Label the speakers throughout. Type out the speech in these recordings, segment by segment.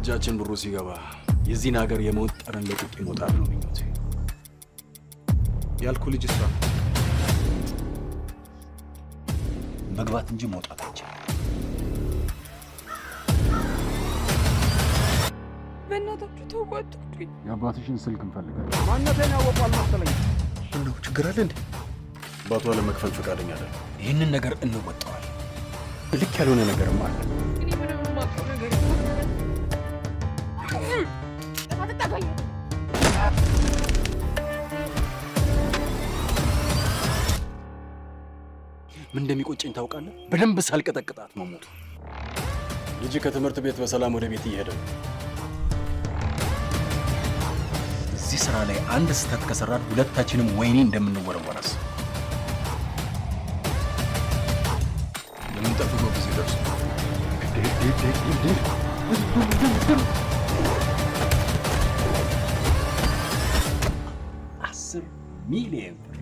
Speaker 1: እጃችን ብሩ ሲገባ የዚህን ሀገር የሞት ጠረን ለቁቅ ይሞጣል ነው ምኞት። ያልኩ ልጅ ስራ መግባት እንጂ መውጣት አይቻልም።
Speaker 2: በእናታችሁ ተዋጡ።
Speaker 3: የአባትሽን ስልክ እንፈልጋለን።
Speaker 4: ማነቴን ያወቋል መሰለኝ።
Speaker 1: ምነው ችግር አለ እንዴ?
Speaker 3: አባቷ ለመክፈል ፈቃደኛ አለ።
Speaker 1: ይህንን ነገር እንወጣዋል። ልክ ያልሆነ ነገርም አለ። ነገር ጠበኝ። ምን እንደሚቆጨኝ ታውቃለህ? በደንብ ሳልቀጠቅጣት መሞቱ።
Speaker 3: ልጅ ከትምህርት ቤት በሰላም ወደ ቤት እየሄደ ነው።
Speaker 1: እዚህ ስራ ላይ አንድ ስህተት ከሰራን ሁለታችንም ወይኔ እንደምንወረወረስ
Speaker 3: የምንጠብቀው ጊዜ ደርሶ
Speaker 1: ሚሊየን ብር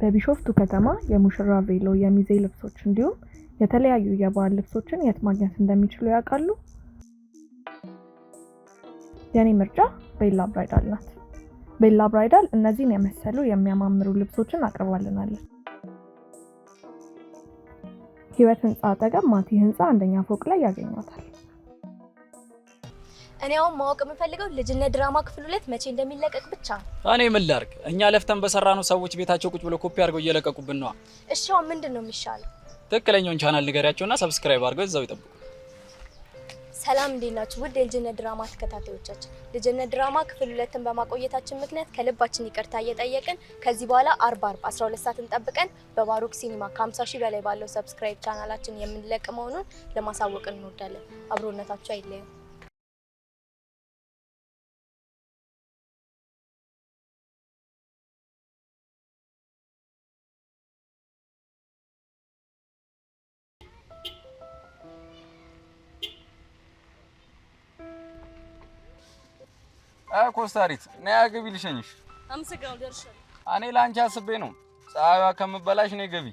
Speaker 2: በቢሾፍቱ ከተማ የሙሽራ ቬሎ፣ የሚዜ ልብሶች እንዲሁም የተለያዩ የባህል ልብሶችን የት ማግኘት እንደሚችሉ ያውቃሉ? የኔ ምርጫ ቤላ ብራይዳል ናት። ቤላ ብራይዳል እነዚህን የመሰሉ የሚያማምሩ ልብሶችን አቅርባልናለች። ህይወት ህንፃ አጠገብ ማቲ ህንፃ አንደኛ ፎቅ ላይ ያገኟታል።
Speaker 5: እኔ አሁን ማወቅ የምፈልገው ልጅነት ድራማ ክፍል ሁለት መቼ እንደሚለቀቅ ብቻ ነው።
Speaker 6: እኔ ምን ላርግ? እኛ ለፍተን ነው ሰዎች ቤታቸው ቁጭ ብሎ ኮፒ አድርገው እየለቀቁብን ነዋ።
Speaker 5: እሺ ምንድን ነው የሚሻለው?
Speaker 6: ትክክለኛውን ቻናል ንገሪያቸውና ሰብስክራይብ አድርገው እዛው ይጠብቁ።
Speaker 5: ሰላም እንዴት ናችሁ? ውድ የልጅነት ድራማ ተከታታዮቻችን፣ ልጅነት ድራማ ክፍል ሁለትን በማቆየታችን ምክንያት ከልባችን ይቅርታ እየጠየቅን ከዚህ በኋላ አርብ አርብ 12 ሰዓትን ጠብቀን በባሮክ ሲኒማ ከ50 ሺህ በላይ ባለው ሰብስክራይብ ቻናላችን የምንለቅ መሆኑን ለማሳወቅ እንወዳለን። አብሮነታችሁ አይለየም።
Speaker 6: አይ ኮስታሪት ነይ ግቢ ልሸኝሽ።
Speaker 5: አመሰግናለሁ ደርሻለሁ።
Speaker 6: እኔ ለአንቺ አስቤ ነው። ፀሐይዋ ከምበላሽ ነይ ግቢ።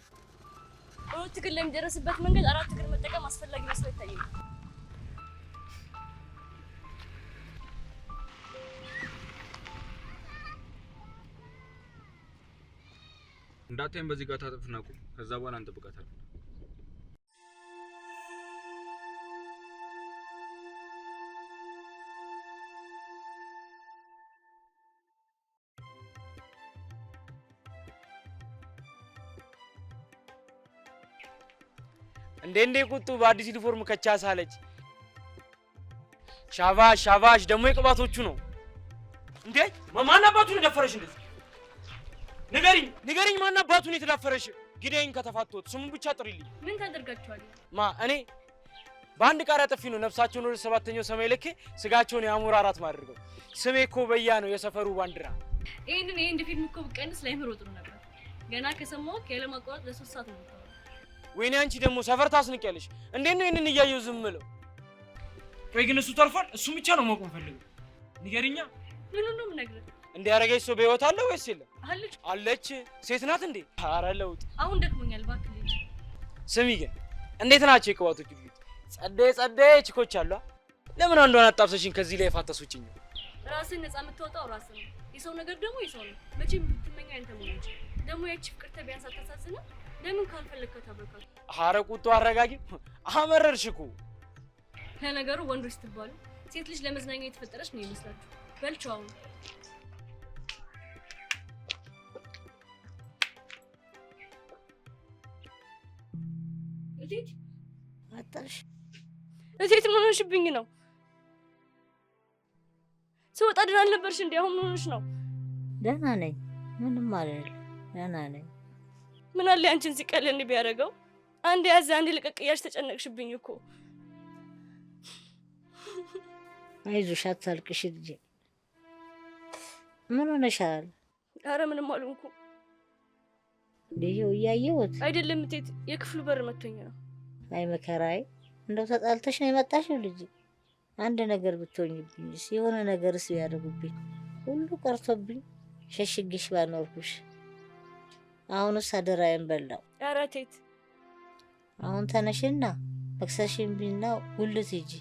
Speaker 5: ሁለት እግር ለሚደረስበት መንገድ አራት እግር መጠቀም አስፈላጊ መስሎ ይታየኛል።
Speaker 3: እንዳትይም በዚህ ጋር ታጥፍና ቁም። ከዛ በኋላ እንጠብቃታለን።
Speaker 6: እንዴ እንዴ ቁጡ በአዲስ ዩኒፎርም ከቻ ሳለች። ሻባሽ ሻባሽ ደግሞ የቅባቶቹ ነው እንዴ! ማን አባቱን የዳፈረሽ እንደዚህ? ንገሪኝ ንገሪኝ፣ ማን አባቱን የተዳፈረሽ? ግደኝ ከተፋቶት ስሙን ብቻ ጥሪልኝ።
Speaker 5: ምን ታደርጋቸዋለህ?
Speaker 6: ማ እኔ በአንድ ቃሪያ ጥፊ ነው ነፍሳቸውን ወደ ሰባተኛው ሰማይ ልኬ ስጋቸውን የአሞራ አራት ማድርገው። ስሜ እኮ በያ ነው የሰፈሩ ባንዲራ።
Speaker 5: ይህንን ይህን ፊልም እኮ ብቀንስ ላይምሮ ጥሩ ነበር። ገና ከሰማሁት ያለማቋረጥ ለሶስት ሰዓት ነው
Speaker 6: ወይኔ አንቺ ደግሞ ሰፈር ታስንቂያለሽ። እንዴት ነው ይህንን እያየሁ ዝም ብለው? ቆይ ግን እሱ ተርፏል። እሱም ብቻ ነው ማቆም ፈልገው ንገሪኛ።
Speaker 5: ምን ነው የምነግርህ?
Speaker 6: እንደ ያደረገች ሰው በህይወት አለ ወይስ የለም?
Speaker 5: አለች አለች።
Speaker 6: ሴት ናት እንዴ? ኧረ ለውጥ።
Speaker 5: አሁን ደክሞኛል እባክህ።
Speaker 6: ስሚ ግን እንዴት ናቸው የቅባቶች ልጅ? ጸደይ ጸደይ ችኮች አሏ። ለምን አንዷን አጣብሰሽኝ ከዚህ ላይ ፋታሶችኝ?
Speaker 5: ራስን ነጻ የምታወጣው ራስን ነው። የሰው ነገር ደግሞ የሰው ነው። መቼም ብትመኛ አንተ ደግሞ ያቺ ፍቅር ቢያንስ አታሳዝንም? ለምን ካልፈለግከ ታበቃል?
Speaker 6: ኧረ ቁጡ አረጋጊ፣ አመረርሽ እኮ።
Speaker 5: ለነገሩ ወንዶች ስትባሉ ሴት ልጅ ለመዝናኛ የተፈጠረች ነው ይመስላችሁ። በልቻው እቴት አጣሽ። እቴት ምን ሆነሽብኝ ነው? ስወጣ ድን አልነበርሽ እንዴ? አሁን ምን ሆነሽ ነው?
Speaker 7: ደህና ነኝ፣ ምንም አይደለም፣ ደህና ነኝ።
Speaker 5: ምን አለ አንቺን ሲቀልን ቢያደርገው። አንድ ያዝ አንድ ልቀቅ እያልሽ ተጨነቅሽብኝ እኮ።
Speaker 7: አይዞሽ አታልቅሽ ልጄ። ምን ሆነሻል?
Speaker 5: አረ ምንም አልሆንኩ።
Speaker 7: ይሄው እያየሁት
Speaker 5: አይደለም እቴት፣ የክፍሉ በር መቶኝ ነው።
Speaker 7: አይ መከራዬ፣ እንደው ተጣልተሽ ነው የመጣሽው ልጄ። አንድ ነገር ብትሆኝብኝስ፣ የሆነ ነገርስ ቢያደርጉብኝ፣ ሁሉ ቀርቶብኝ ሸሽግሽ ባኖርኩሽ አሁንስ አደራዬን በላው። ኧረ እቴት አሁን ተነሽና መክሰሽን ቢና ጉልት ሂጂ።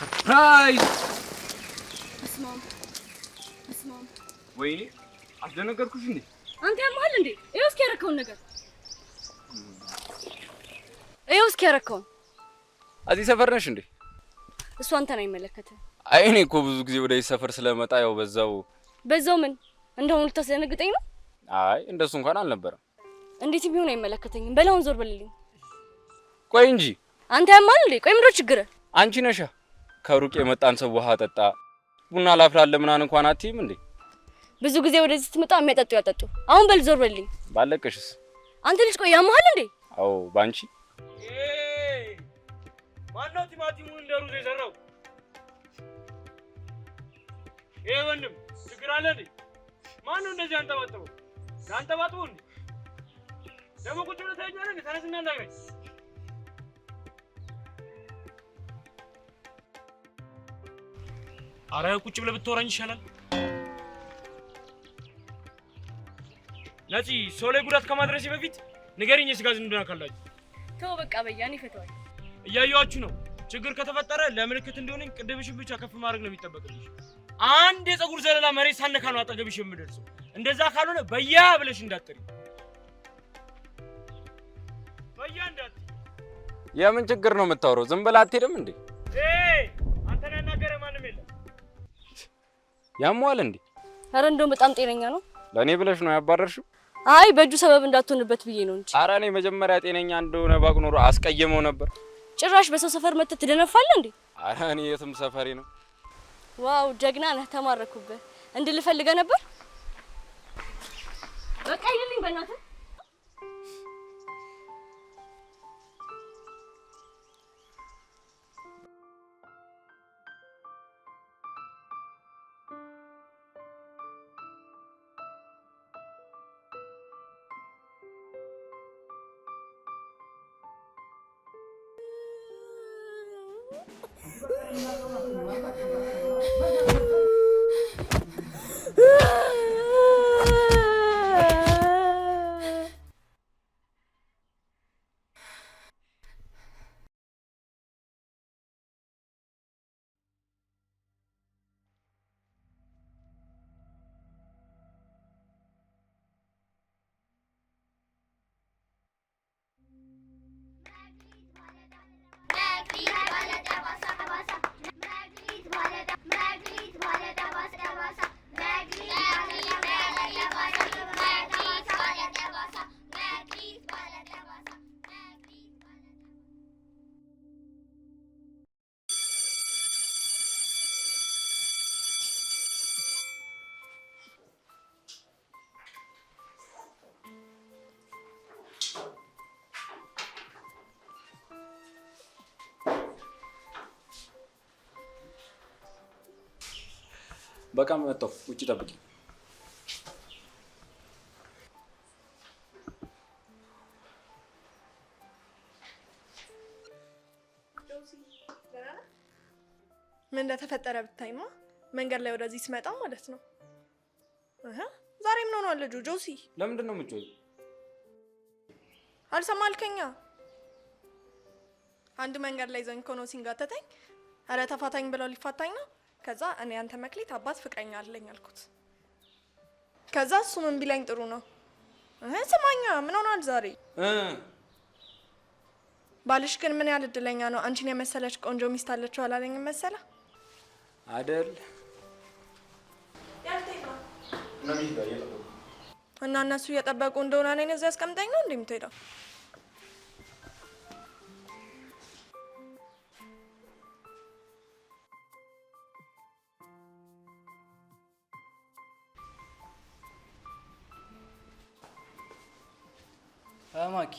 Speaker 6: ሰርፕራይዝ! ወይኔ አስደነገርኩሽ እንዴ!
Speaker 5: አንተ ያመሃል እንዴ? ይኸው እስኪ ያረከውን ነገር ይኸው እስኪ ያረከውን
Speaker 6: እዚህ ሰፈር ነሽ እንዴ?
Speaker 5: እሱ አንተን አይመለከትም።
Speaker 6: አይ እኔ እኮ ብዙ ጊዜ ወደዚህ ሰፈር ስለመጣ ያው በዛው
Speaker 5: በዛው ምን እንደሆነ ልታስደነግጠኝ ነው?
Speaker 6: አይ እንደሱ እንኳን አልነበረም።
Speaker 5: እንዴትም ቢሆን አይመለከተኝም። በላውን ዞር በልልኝ። ቆይ እንጂ አንተ ያማል እንዴ? ቆይ ምንድነው ችግር?
Speaker 6: አንቺ ነሻ ከሩቅ የመጣን ሰው ውሃ ጠጣ ቡና ላፍላለ ምናምን እንኳን አትይም እንዴ?
Speaker 5: ብዙ ጊዜ ወደዚህ ስትመጣ የሚያጠጡ ያጠጡ። አሁን በል ዞር በልልኝ። ባለቀሽስ አንተ ልጅ ቆይ ያማል እንዴ?
Speaker 6: አዎ ባንቺ
Speaker 8: ማነው ቲማቲሙን እንደ ሩዝ የሰራው? ይሄ ወንድም ችግር አለ እንዴ? ማነው እንደዚህ አንጠባጥበው አንጠባጥበው እንዴ? ደግሞ ቁጭ ብለህ ታየኛለህ።
Speaker 6: አረ ቁጭ ብለህ ብትወራኝ ይሻላል። ነፂ ሰው ላይ ጉዳት ከማድረሴ በፊት ንገሪኝ የስጋ ዝምድና ካላችሁ
Speaker 5: ተው በቃ በያን ይፈታዋል።
Speaker 6: እያየኋችሁ ነው። ችግር ከተፈጠረ ለምልክት እንዲሆነኝ ቅድምሽን ብቻ ከፍ ማድረግ ነው የሚጠበቅብሽ። አንድ የፀጉር ዘለላ መሬት ሳነካ ነው አጠገብሽ የምደርሰው። እንደዛ ካልሆነ በያ ብለሽ እንዳትጠሪ። በያ እንዳትጠሪ። የምን ችግር ነው የምታወራው? ዝም ብላ አትሄድም እንዴ?
Speaker 8: አንተን ያናገረ ማንም የለም።
Speaker 6: ያሟል እንዴ?
Speaker 5: ኧረ እንደውም በጣም ጤነኛ ነው።
Speaker 6: ለእኔ ብለሽ ነው ያባረርሽው?
Speaker 5: አይ በእጁ ሰበብ እንዳትሆንበት ብዬ ነው እንጂ።
Speaker 6: ኧረ እኔ መጀመሪያ ጤነኛ እንደሆነ ባውቅ ኖሮ አስቀየመው ነበር።
Speaker 5: ጭራሽ በሰው ሰፈር መተት ትደነፋለህ እንዴ?
Speaker 6: ኧረ እኔ የትም ሰፈሬ ነው።
Speaker 5: ዋው ጀግና ነህ፣ ተማረኩበት። እንድልፈልገ ነበር። በቃ ይልኝ በእናትህ 然
Speaker 6: በቃ መጣሁ። ውጭ ጠብቂ።
Speaker 5: ምን እንደተፈጠረ ብታይማ። መንገድ ላይ ወደዚህ ስመጣ ማለት ነው። ዛሬ ምን ሆኗል ልጁ? ጆሲ
Speaker 6: ለምንድን ነው የምትጮይ?
Speaker 5: አልሰማልከኛ። አንድ መንገድ ላይ ዘንኮ ከሆኖ ሲንጋተተኝ፣ እረ ተፋታኝ ብለው ሊፋታኝ ነው ከዛ እኔ አንተ መክሌት አባት ፍቅረኛ አለኝ አልኩት። ከዛ እሱ ምን ቢለኝ ጥሩ ነው እህ ስማኛ ምን ሆኗል ዛሬ ባልሽ ግን ምን ያህል እድለኛ ነው አንቺን የመሰለች ቆንጆ ሚስት አለችው አላለኝም መሰለ አደል እና እነሱ እየጠበቁ እንደሆነ እኔን እዚህ አስቀምጠኝ ነው እንደምትሄደው
Speaker 6: ማኪ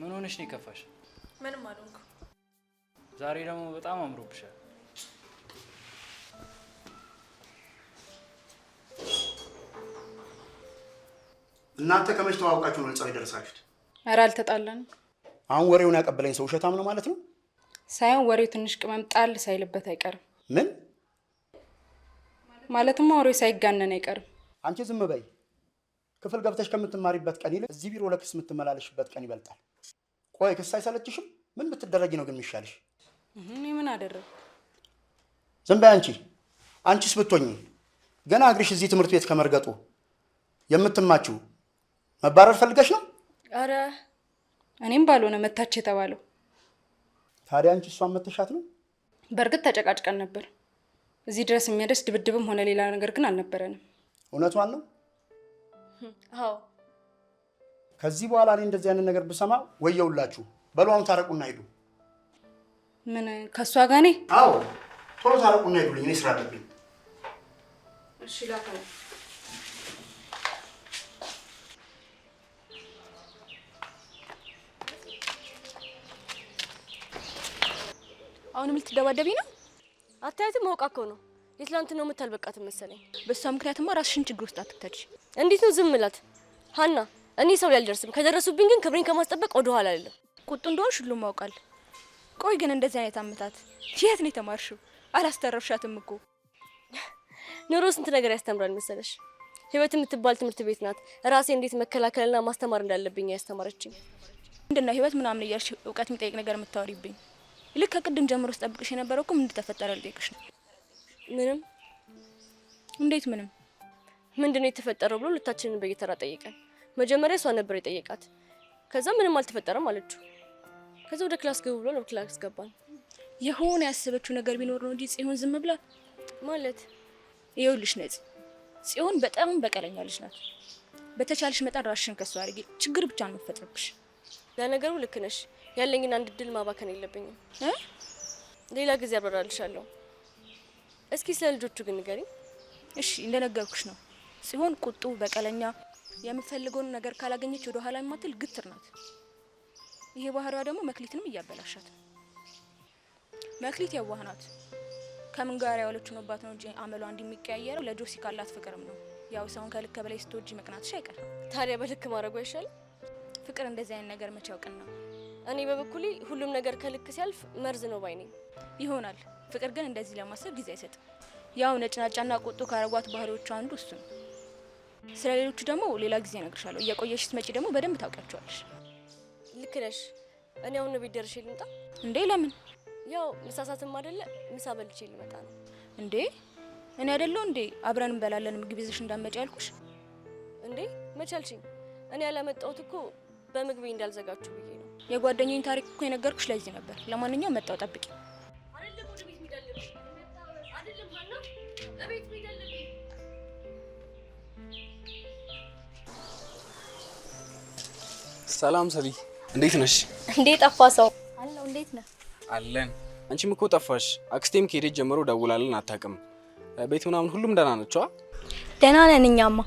Speaker 6: ምን ሆነሽ ነው የከፋሽ? ምንም አልሆንኩም። ዛሬ ደግሞ በጣም አምሮብሻል።
Speaker 9: እናንተ ከመች ተዋውቃችሁ ነው ለጸብ የደረሳችሁት?
Speaker 5: ኧረ አልተጣላንም።
Speaker 9: አሁን ወሬውን ያቀበለኝ ሰው ውሸታም ነው ማለት ነው?
Speaker 5: ሳይሆን ወሬው ትንሽ ቅመም ጣል ሳይልበት አይቀርም። ምን ማለትማ? ወሬው ሳይጋነን አይቀርም።
Speaker 9: አንቺ ዝም በይ። ክፍል ገብተሽ ከምትማሪበት ቀን ይልቅ እዚህ ቢሮ ለክስ የምትመላለሽበት ቀን ይበልጣል። ቆይ ክስ አይሰለችሽም? ምን ብትደረጊ ነው ግን የሚሻልሽ?
Speaker 5: እኔ ምን አደረግ?
Speaker 9: ዝም በይ አንቺ። አንቺስ ብትሆኚ ገና እግርሽ እዚህ ትምህርት ቤት ከመርገጡ የምትማችው መባረር ፈልገሽ ነው?
Speaker 5: አረ እኔም ባልሆነ መታች የተባለው
Speaker 9: ታዲያ አንቺ እሷን መተሻት ነው።
Speaker 5: በእርግጥ ተጨቃጭቀን ነበር። እዚህ ድረስ የሚያደርስ ድብድብም ሆነ ሌላ ነገር ግን አልነበረንም። እውነቷን ነው። አዎ።
Speaker 9: ከዚህ በኋላ እኔ እንደዚህ አይነት ነገር ብሰማ ወየውላችሁ። በሉ አሁን ታረቁና ሂዱ።
Speaker 5: ምን ከእሷ ጋር እኔ?
Speaker 9: አዎ ቶሎ ታረቁና ሂዱልኝ፣ እኔ ስራ አለብኝ።
Speaker 5: እሺ ላከ አሁንም ልትደባደቢ ነው? አታያትም? ማውቃ እኮ ነው የትላንት ነው አልበቃትም መሰለኝ። በእሷ ምክንያትማ ራስሽን ችግር ውስጥ አትክተች። እንዴት ነው ዝም ላት ሀና? እኔ ሰው ላይ አልደርስም። ከደረሱብኝ ግን ክብሬን ከማስጠበቅ ወደ ኋላ አይደለም። ቁጡ እንደሆንሽ ሁሉም ያውቃል። ቆይ ግን እንደዚህ አይነት አመታት የት ነው የተማርሽው? አላስተረፍሻትም እኮ ኑሮ ስንት ነገር ያስተምራል መሰለሽ። ህይወት የምትባል ትምህርት ቤት ናት። ራሴ እንዴት መከላከልና ማስተማር እንዳለብኝ ያስተማረችኝ። ምንድነው ህይወት ምናምን እያልሽ እውቀት የሚጠይቅ ነገር የምታወሪብኝ? ልክ ከቅድም ጀምሮ ስጠብቅሽ የነበረው እኮ ምን እንደተፈጠረ ልጠይቅሽ ነው። ምንም። እንዴት ምንም? ምንድነው የተፈጠረው ብሎ ሁለታችንን በየተራ ጠየቀን። መጀመሪያ እሷ ነበር የጠየቃት። ከዛ ምንም አልተፈጠረም አለችው። ከዛ ወደ ክላስ ገቡ ብሎ ክላስ ገባን። የሆነ ያሰበችው ነገር ቢኖር ነው እንጂ ጽዮን ዝም ብላ ማለት ይኸውልሽ፣ ነጽ ጽዮን በጣም በቀለኛ ልጅ ናት። በተቻለሽ መጠን ራሽን ከሷ አድርጊ። ችግር ብቻ ነው የምትፈጥርብሽ። ለነገሩ ልክ ነሽ። ያለኝን አንድ ድል ማባከን የለብኝም። ሌላ ጊዜ አብራራልሻለሁ። እስኪ ስለ ልጆቹ ግን ንገሪኝ። እሺ እንደነገርኩሽ ነው። ሲሆን ቁጡ፣ በቀለኛ፣ የምትፈልገውን ነገር ካላገኘች ወደ ኋላ የማትል ግትር ናት። ይሄ ባህሪዋ ደግሞ መክሊትንም እያበላሻት። መክሊት የዋህ ናት። ከምን ጋር ያወለች ሆኖባት ነው እንጂ አመሏ እንዲሚቀያየረው ለጆሲ ካላት ፍቅርም ነው። ያው ሰውን ከልክ በላይ ስትወጂ መቅናትሽ አይቀርም። ታዲያ በልክ ማድረጉ አይሻልም? ፍቅር እንደዚህ አይነት ነገር መቼ ያውቅን ነው። እኔ በበኩሌ ሁሉም ነገር ከልክ ሲያልፍ መርዝ ነው ባይኔ ይሆናል ፍቅር ግን እንደዚህ ለማሰብ ጊዜ አይሰጥም። ያው ነጭናጫና ቁጡ ካረጓት ባህሪዎቹ አንዱ እሱ ነው። ስለ ሌሎቹ ደግሞ ሌላ ጊዜ እነግርሻለሁ። እየቆየሽ ስትመጪ ደግሞ በደንብ ታውቂያቸዋለሽ። ልክ ነሽ። እኔ አሁን ቤት ደርሼ ልምጣ እንዴ? ለምን? ያው ምሳሳትም አይደለ ምሳ በልቼ ልመጣ ነው። እንዴ እኔ አይደለሁ እንዴ አብረን እንበላለን ምግብ ይዘሽ እንዳመጫ ያልኩሽ? እንዴ መቻልሽኝ። እኔ ያላመጣሁት እኮ በምግቤ እንዳልዘጋችሁ ብዬ ነው። የጓደኛኝ ታሪክ እኮ የነገርኩሽ ለዚህ ነበር። ለማንኛውም መጣው ጠብቂ
Speaker 6: ሰላም ሰሊ፣ እንዴት ነሽ?
Speaker 5: እንዴ ጠፋ ሰው አለው። እንዴት ነህ?
Speaker 6: አለን። አንቺም እኮ ጠፋሽ። አክስቴም ከሄደች ጀምሮ ደውላለን አታውቅም። ቤት ምናምን ሁሉም ደህና ናቸዋ?
Speaker 5: ደህና ነን። እኛማ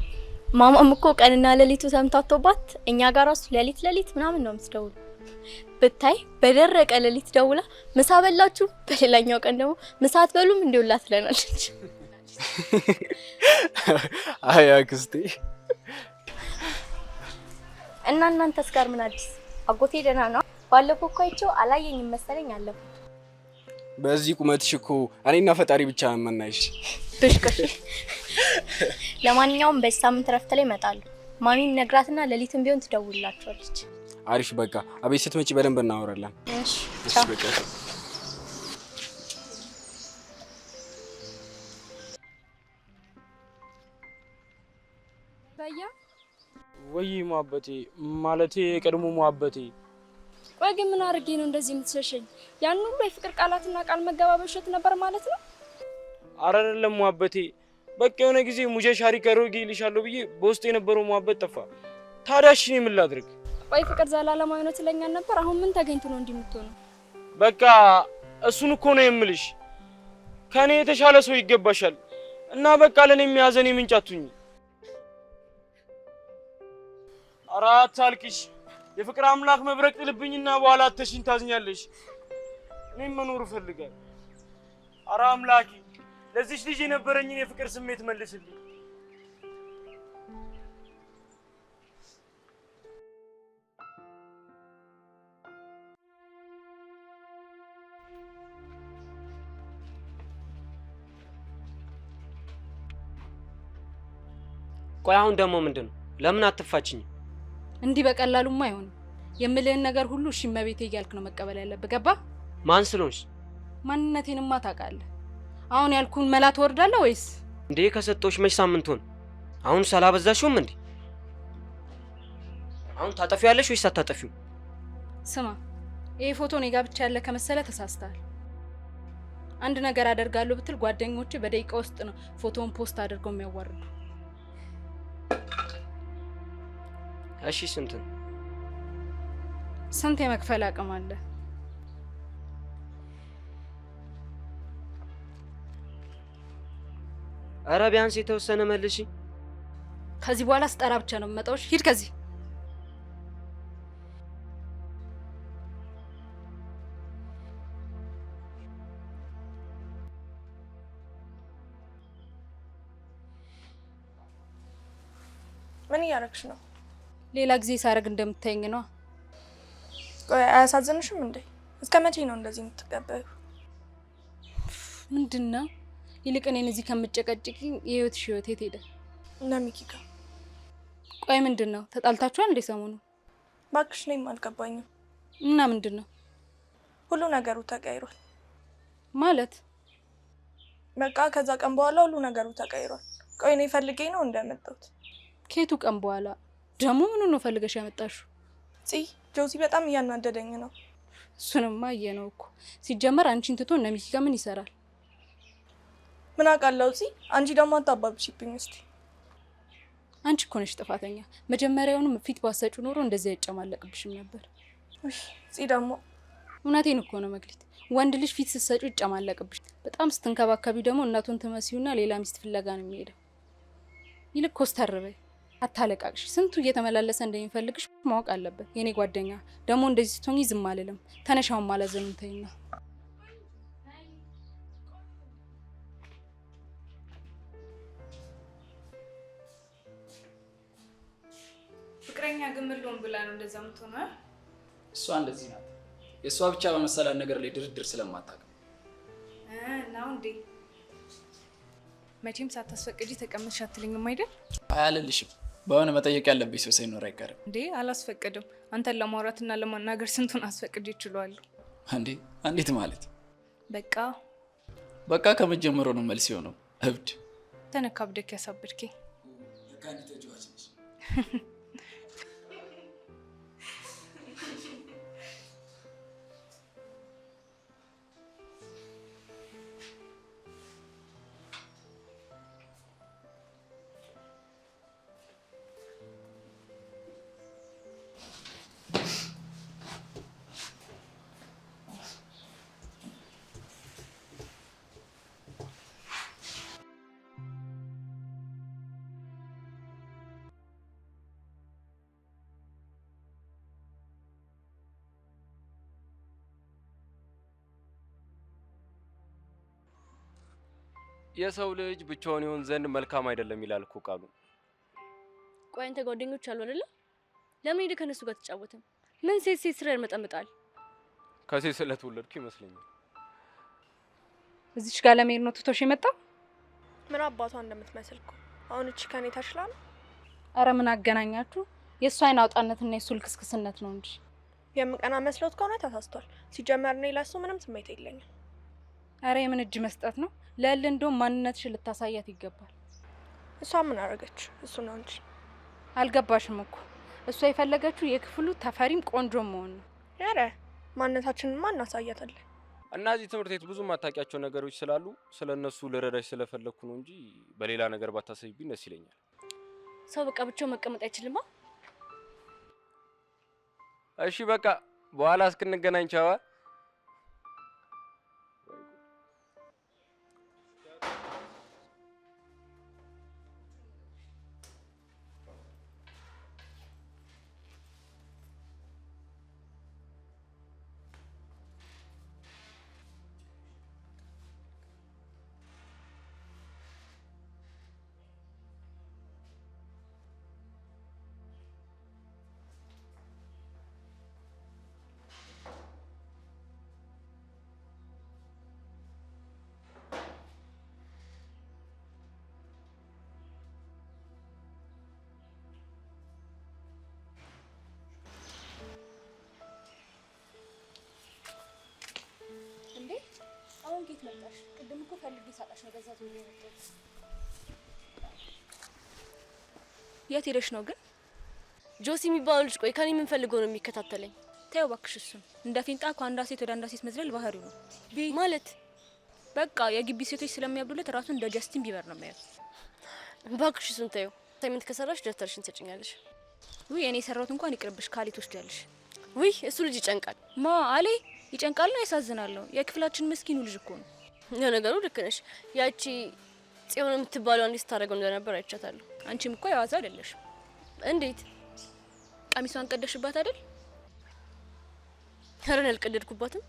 Speaker 5: ማማም እኮ ቀንና ሌሊቱ ሰምታቶባት እኛ ጋር ራሱ ሌሊት ሌሊት ምናምን ነው የምትደውል። ብታይ በደረቀ ሌሊት ደውላ ምሳ በላችሁ፣ በሌላኛው ቀን ደግሞ ምሳ አትበሉም እንዲውላ ትለናለች። አይ አክስቴ እና እናንተስ ጋር ምን አዲስ? አጎቴ ደህና ነው? ባለፈው እኮ አይቼው አላየኝም መሰለኝ አለፉት።
Speaker 6: በዚህ ቁመትሽ እኮ እኔና ፈጣሪ ብቻ መናይሽ።
Speaker 5: ብሽቅሽ። ለማንኛውም በዚህ ሳምንት ረፍት ላይ እመጣለሁ። ማሚም ነግራትና ሌሊትም ቢሆን ትደውልላችኋለች።
Speaker 6: አሪፍ በቃ አቤት ስትመጪ በደንብ እናወራለን።
Speaker 5: እሺ ቻው። በያ
Speaker 10: ወይ ሟበቴ ማለቴ የቀድሞ ሟበቴ።
Speaker 5: ቆይ ግን ምን አድርጌ ነው እንደዚህ የምትሸሸኝ? ያን ሁሉ የፍቅር ቃላትና ቃል መገባበሸት ነበር ማለት ነው?
Speaker 10: አረ አይደለም ሟበቴ፣ በቃ የሆነ ጊዜ ሙጀ ሻሪ ከሮጌ ይልሻለሁ ብዬ በውስጥ የነበረው ሟበት ጠፋ። ታዲያ የምላድርግ እኔ
Speaker 5: ቆይ ፍቅር ዘላለማዊ ነው ትለኛል ነበር። አሁን ምን ተገኝቶ ነው እንዲህ
Speaker 10: በቃ እሱን እኮ ነው የምልሽ። ከእኔ የተሻለ ሰው ይገባሻል እና በቃ ለእኔ የሚያዘን የምንጫቱኝ ኧረ አታልቅሽ። የፍቅር አምላክ መብረቅ ጥልብኝና በኋላ አተሽኝ ታዝኛለሽ። እኔም መኖር እፈልጋል። ኧረ አምላኪ ለዚች ልጅ የነበረኝን የፍቅር ስሜት መልስልኝ።
Speaker 6: ቆይ አሁን ደግሞ ምንድን ነው? ለምን አትፋችኝም?
Speaker 5: እንዲህ በቀላሉማ አይሆንም። የምልህን ነገር ሁሉ እሺ እመቤቴ እያልክ ነው መቀበል ያለብህ። ገባ? ማን ስለሆንሽ? ማንነቴንማ ታውቃለህ። አሁን ያልኩን መላ ትወርዳለህ ወይስ?
Speaker 6: እንዴ ከሰጠሁሽ መች ሳምንት ሆነ? አሁን ሳላበዛሽውም እንዴ? አሁን ታጠፊያለሽ ወይስ አታጠፊው?
Speaker 5: ስማ ይሄ ፎቶ እኔ ጋር ብቻ ያለ ከመሰለ ተሳስተሃል። አንድ ነገር አደርጋለሁ ብትል ጓደኞቼ በደቂቃ ውስጥ ነው ፎቶውን ፖስት አድርገው የሚያዋርዱ። እሺ ስንት ስንት የመክፈል አቅም አለ?
Speaker 6: አረ ቢያንስ የተወሰነ መልሺ።
Speaker 5: ከዚህ በኋላ ስጠራ ብቻ ነው የምመጣውሽ። ሂድ ከዚህ ምን እያደረግሽ ነው? ሌላ ጊዜ ሳረግ እንደምታይኝ ነው። ቆይ አያሳዝንሽም እንዴ? እስከ መቼ ነው እንደዚህ የምትቀበዩ? ምንድን ነው ይልቅ እኔን እዚህ ከምጨቀጭቂ የህይወትሽ ህይወት የት ሄደ? እና ቆይ ምንድን ነው ተጣልታችኋል እንዴ ሰሞኑ? እባክሽ እኔም አልገባኝም። እና ምንድን ነው ሁሉ ነገሩ ተቀይሯል ማለት? በቃ ከዛ ቀን በኋላ ሁሉ ነገሩ ተቀይሯል። ቆይ እኔ ፈልጌ ነው እንደመጣሁት። ከየቱ ቀን በኋላ ደግሞ ምኑ ነው ፈልገሽ ያመጣሽው? ፂ ጆሲ በጣም እያናደደኝ ነው። እሱንማ አየ ነው እኮ ሲጀመር አንቺን ትቶ እነ ሚኪ ምን ይሰራል? ምን አውቃለሁ ፂ። አንቺ ደግሞ አታባብሽብኝ እስቲ። አንቺ እኮ ነሽ ጥፋተኛ። መጀመሪያውንም ፊት ባሰጩ ኖሮ እንደዚህ አይጨማለቅብሽም ነበር። ፂ ደግሞ እውነቴን እኮ ነው መግሊት፣ ወንድ ልጅ ፊት ስትሰጩ ይጨማለቅብሽ። በጣም ስትንከባከቢ ደግሞ እናቱን ትመስዩና ሌላ ሚስት ፍለጋ ነው የሚሄደው። ይልቅ ኮስተር በይ አታለቃቅሽ። ስንቱ እየተመላለሰ እንደሚፈልግሽ ማወቅ አለበት የኔ ጓደኛ። ደግሞ እንደዚህ ስትሆኚ ዝም አልልም። ተነሻውም አላዘኑም። ተይና ፍቅረኛ ግምሉን ብላ ነው እንደዛ ምትሆነ።
Speaker 6: እሷ እንደዚህ ናት። የእሷ ብቻ በመሰላት ነገር ላይ ድርድር ስለማታውቅ
Speaker 5: ነው እንዴ መቼም ሳታስፈቅጂ ተቀመጥሽ አትልኝም አይደል?
Speaker 6: አያለልሽም። በሆነ መጠየቅ ያለብኝ ሰው ሳይኖር አይቀርም።
Speaker 5: እንዴ አላስፈቅድም። አንተን ለማውራትና ለማናገር ስንቱን አስፈቅድ ይችሏሉ።
Speaker 6: እንዴ እንዴት ማለት? በቃ በቃ ከመጀመሩ ነው መልስ የሆነው። እብድ
Speaker 5: ተነካብደክ ያሳብድኬ
Speaker 6: የሰው ልጅ ብቻውን ይሆን ዘንድ መልካም አይደለም ይላል እኮ ቃሉ።
Speaker 5: ቆይ አንተ ጓደኞች አሉ አይደለ? ለምን ሄደህ ከነሱ ጋር ተጫወትም? ምን ሴት ሴት ስራ ያመጠምጣል?
Speaker 6: ከሴት ስለተወለድኩ ይመስለኛል።
Speaker 5: እዚች ጋር ለመሄድ ነው ትቶሽ የመጣው? ምን አባቷ እንደምትመስል እኮ አሁን እቺ ከኔ ታችላል። አረ ምን አገናኛችሁ? የእሱ አይን አውጣነትና የእሱ ልክስክስነት ነው እንጂ የምቀና መስሎት ከሆነ ተሳስቷል። ሲጀመር እኔ ለሱ ምንም ስሜት የለኝም። አረ የምን እጅ መስጠት ነው? ለል እንደውም ማንነትሽን ልታሳያት ይገባል። እሷ ምን አረገች? እሱ ነው እንጂ አልገባሽም እኮ እሷ የፈለገችው የክፍሉ ተፈሪም ቆንጆ መሆን ነው። ኧረ ማንነታችንማ እናሳያታለን።
Speaker 6: እና ትምህርት ቤት ብዙ ማታውቂያቸው ነገሮች ስላሉ ስለ እነሱ ልረዳሽ ስለፈለግኩ ነው እንጂ በሌላ ነገር ባታሰቢብኝ ደስ ይለኛል።
Speaker 5: ሰው በቃ ብቻው መቀመጥ አይችልማ።
Speaker 6: እሺ በቃ በኋላ እስክንገናኝ ቻዋ።
Speaker 5: አሁን ጌት መጣሽ? ቅድም እኮ ፈልጌ ሳጣሽ ነው ገዛት ነው የት ሄደሽ ነው ግን? ጆሲ የሚባለው ልጅ ቆይ ከኔ ፈልጎ ነው የሚከታተለኝ። ተይው እባክሽ። እሱም እንደ ፊንጣ ከአንዷ ሴት ወደ አንዷ ሴት መዝለል ባህሪው ነው ማለት በቃ የግቢ ሴቶች ስለሚያብዱለት ራሱን እንደ ጀስቲን ቢበር ነው የሚያዩት። እባክሽ እሱን ተይው። ሳይመንት ከሰራሽ ደብተርሽን ትሰጭኛለሽ። ውይ እኔ የሰራሁት እንኳን ይቅርብሽ። ካሌ ትወስጃለሽ። ውይ እሱ ልጅ ይጨንቃል። ማ አሌ ይጨንቃል ነው ያሳዝናል የክፍላችን ምስኪኑ ልጅ እኮ ነው። ለነገሩ ልክ ነሽ። ያቺ ጽዮን የምትባለው አንዲት ስታደርገው እንደነበር አይቻታለሁ። አንቺም እኮ የዋዛ አይደለሽ። እንዴት ቀሚሷን ቀደሽባት አይደል? ኧረ እኔ አልቀደድኩባትም።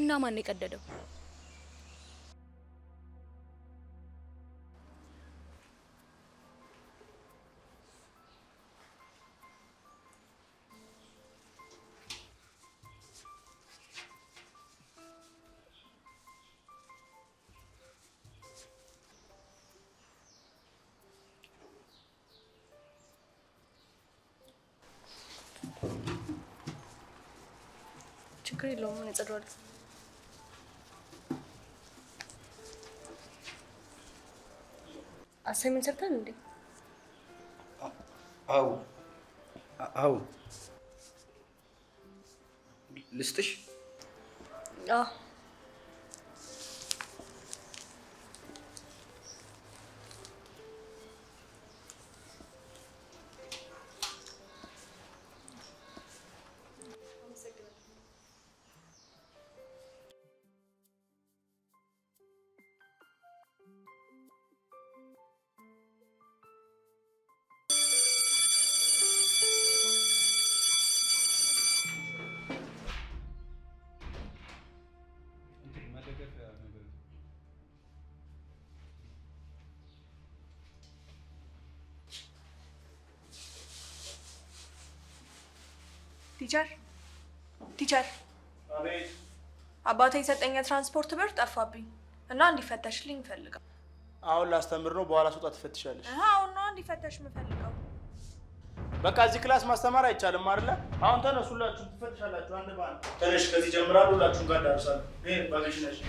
Speaker 5: እና ማን የቀደደው? ችግር የለውም። ምን ያጸደዋል? አሳይመንት ሰርተን እንዴ?
Speaker 6: አዎ አዎ። ልስጥሽ?
Speaker 5: አዎ ቲቸር ቲቸር፣ አባቴ የሰጠኝ የትራንስፖርት ብር ጠፋብኝ እና እንዲፈተሽልኝ ይፈልጋል።
Speaker 6: አሁን ላስተምር ነው፣ በኋላ ስወጣ ትፈትሻለሽ።
Speaker 5: አሁን ነው እንዲፈተሽ የምፈልገው።
Speaker 6: በቃ እዚህ ክላስ ማስተማር አይቻልም አይደለ? አሁን ተነሱ፣ ትፈትሻላችሁ። አንድ ባል ተነሽ፣ ከዚህ ጀምራሉ፣ ሁላችሁም ጋር ዳርሳሉ። ይሄ ባገሽ ነሽ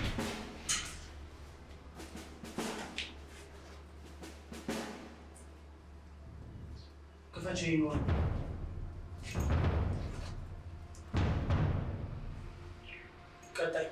Speaker 6: ክፈች ይኖር はい